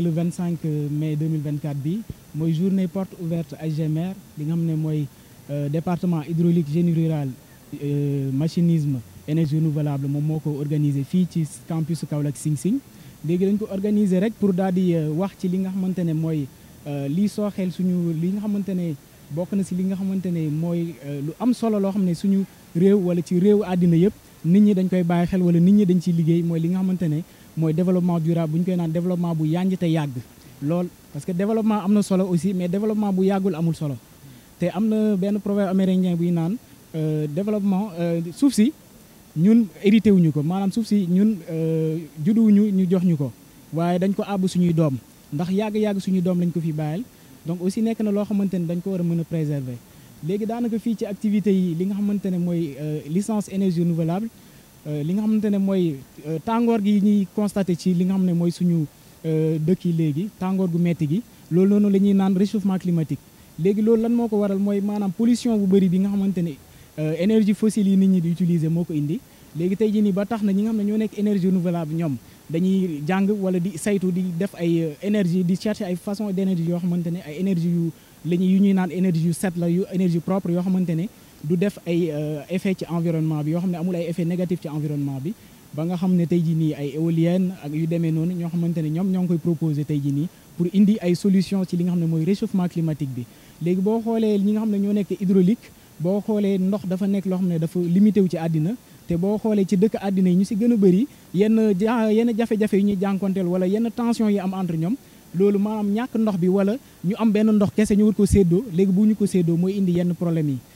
le 25 euh, mai 2024 bi moy journée porte ouverte GMR li nga xam moy euh, département hydraulique génie rural euh, machinisme énergie renouvelable mom moko organiser fi ci campus Kaolack Sing Sing léegi dañ ko organiser rek pour daal wax ci li nga xamantene moy li lii sooxeel suñu li nga xamantene bok na ci li nga xamantene moy lu am solo lo xamné suñu réew wala ci réew adina yépp nit ñi dañ koy bàyyi xel wala nit ñi dañ ci liggéey moy li nga xamantene mooy développement durable bu ñu koy naan développement bu yànj te yàgg lool parce que développement am na solo aussi mais développement bu yàggul amul solo te am na benn proverbe amérindien buy naan euh, développement euh, suuf si ñun hérité wuñu ko maanaam suuf si ñun euh, judduwuñu ñu jox ñu ko waaye dañ ko àbb suñuy doom ndax yàgg-yàgg suñuy doom lañ ko fi bàyyil donc aussi nekk na loo xamante ne dañ ko war a mën a préserver léegi daanaka fii ci activités yi li nga xamante ne mooy licence énergie renouvelable Euh, li nga xamante ne mooy euh, tàngoor gi ñuy constaté ci li nga xam ne mooy suñu euh, dëkk yi léegi tàngoor gu metti gi loolu noonu la ñuy naan réchauffement climatique léegi loolu lan moo ko waral mooy maanaam polition bu bëri bi nga xamante ne énergie fossile yi nit ñi di utiliser moo ko indi léegi tey jii nii ba tax na ñi nga xam ne ñoo nekk énergie bi ñoom dañuy jàng wala di saytu di def ay énergie di chercher ay façon d' yoo xamante ne ay énergie yu la yu ñuy naan énergie yu set yu énergie propre yoo xamante ne du def ay euh, effet ci environnement bi yoo xam ne amul ay effet négatif ci environnement bi ba nga xam ne tey ji nii ay éoliennes ak yu demee noonu ñoo xamante ne ñoom ñoo ngi koy proposé tey jii nii pour indi ay solution ci li nga xam ne mooy réchauffement climatique bi léegi boo xoolee ñi nga xam ne ñoo nekk hydraulique boo xoolee ndox dafa nekk loo xam ne dafa limité wu ci àddina te boo xoolee ci dëkk àddina yi ñu si gën a bëri yenn yenn jafe-jafe yu ñuy jànkonteel wala yenn tension yi am entre ñoom loolu maanaam ñàkk ndox bi wala ñu am benn ndox kese ñu war ko séddoo léegi bu ñu ko séddoo mooy indi yenn yi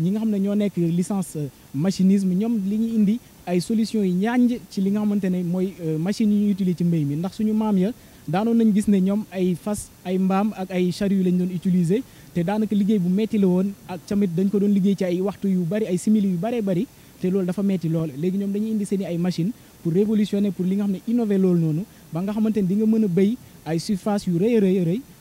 ñi nga xam ne ñoo nekk licence euh, machinisme ñoom li ñu indi ay solution yi ñaañ ci li nga xamante ne mooy euh, machines yi ñu utiliser ci mbéy mi ndax suñu maam ya daanoon nañ gis ne ñoom ay fas ay mbaam ak ay charrue lañ doon utiliser te daanaka liggéey bu metti la woon ak tamit dañ ko doon liggéey ci ay waxtu yu bari ay simili yu baree bari te loolu dafa metti lool léegi ñoom dañuy indi seen i ay machine pour révolutionner pour li nga xam ne innover loolu noonu ba nga xamante ne di nga mën a béy ay surface yu rëy a rëy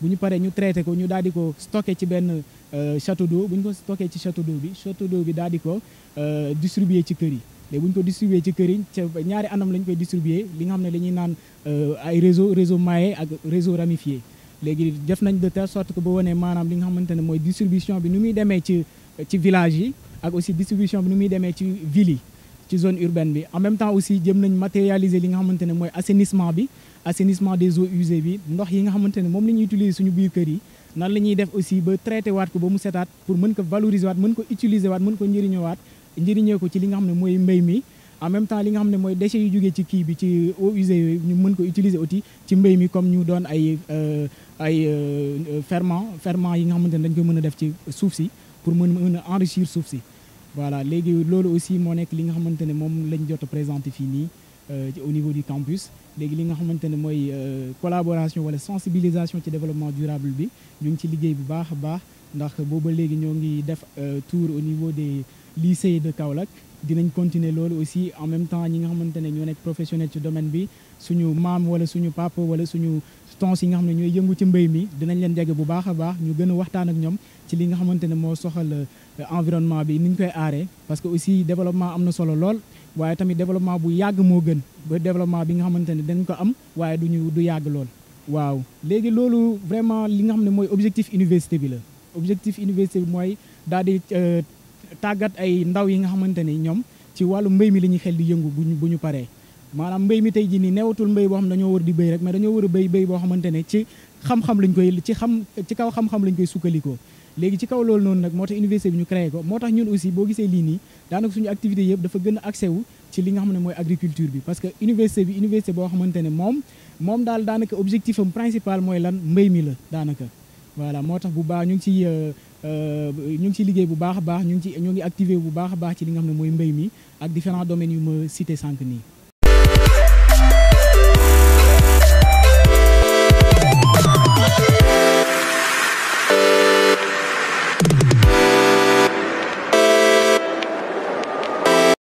bu ñu paree ñu traité ko ñu daal di ko stocké ci benn euh, château d'eau bu ñu ko stocké ci château d'eau bi château d'eau bi daal di ko euh, distribué ci kër yi te bu ñu ko distribué ci kër yi ñaari anam la koy distribué li nga xam ne dañuy naan euh, ay réseau réseau maillé ak réseau ramifié léegi def nañ de telle sort que ba wonee maanaam li nga xamante ne mooy distribution bi nu muy demee ci ci village yi ak aussi distribution bi ni muy demee ci ville yi ci zone urbaine bi en même temps aussi jëm nañ matérialiser li nga xamante ne mooy assainissement bi assainissement des eaux usées bi ndox yi nga xamante ne moom la ñu utiliser suñu biir kër yi na la ñuy def aussi ba traité waat ko ba mu setaat pour mën ko valoriser waat mën ko utiliser waat mën ko njëriñoowaat njëriñee ko ci li nga xam ne mooy mbéy mi en même temps li nga xam ne mooy déchets yu jógee ci kii bi ci eaux usées yooyu ñu mën ko utiliser aussi ci mbéy mi comme ñu doon ay euh, ay euh, ferment ferment yi nga xamante ne dañ koy mën a def ci suuf si pour mën mën a enrichir suuf si voilà léegi loolu aussi mon nekk li nga xamante lañ présenté fini euh, au niveau du campus léegi li nga xamante ne mooy euh, collaboration wala sensibilisation ci développement durable bi ñu ngi ci liggéey bu baax baax ndax booba def euh, tour au niveau des lycées de Kaolack dinañ continuer loolu aussi en même temps ñi nga xamante ne ñoo nekk professionnel ci domaine bi suñu maam wala suñu papa wala suñu tons yi nga xam ne ñooy yëngu ci mbéy mi dinañ leen jege bu baax a baax ñu gën a waxtaan ak ñoom ci li nga xamante ne moo soxal euh, environnement bi ni ñu koy aaree parce que aussi développement am na solo lool waaye tamit développement bu yàgg moo gën ba développement bi nga xamante ne dañ ko am waaye du ñu du yàgg lool waaw léegi loolu vraiment li nga xam ne mooy objectif université bi la objectif université mooy daal di euh, tàggat ay ndaw yi nga xamante ne ñoom ci wàllu mbay mi la ñuy xel di yëngu buñu bu ñu paree maanaam mbéy mi tey jii nii newatul mbay boo xam ne dañoo war di béy rek mais dañoo war a béy boo xamante ne ci xam-xam lañ koy ci xam ci kaw xam-xam lañ koy sukkalikoo léegi ci kaw loolu noonu nag moo tax université bi ñu créé ko moo tax ñun aussi boo gisee lii nii daanaka suñu activité yëpp dafa gën a wu ci li nga xam ne mooy agriculture bi parce que université bi université boo xamante ne moom moom daal daanaka objectif am principal mooy lan mbéy mi la daanaka voilà moo tax bu baax ñu euh, euh, ñu activé bu baax baax ci li nga différents domaines yu ma cité sànq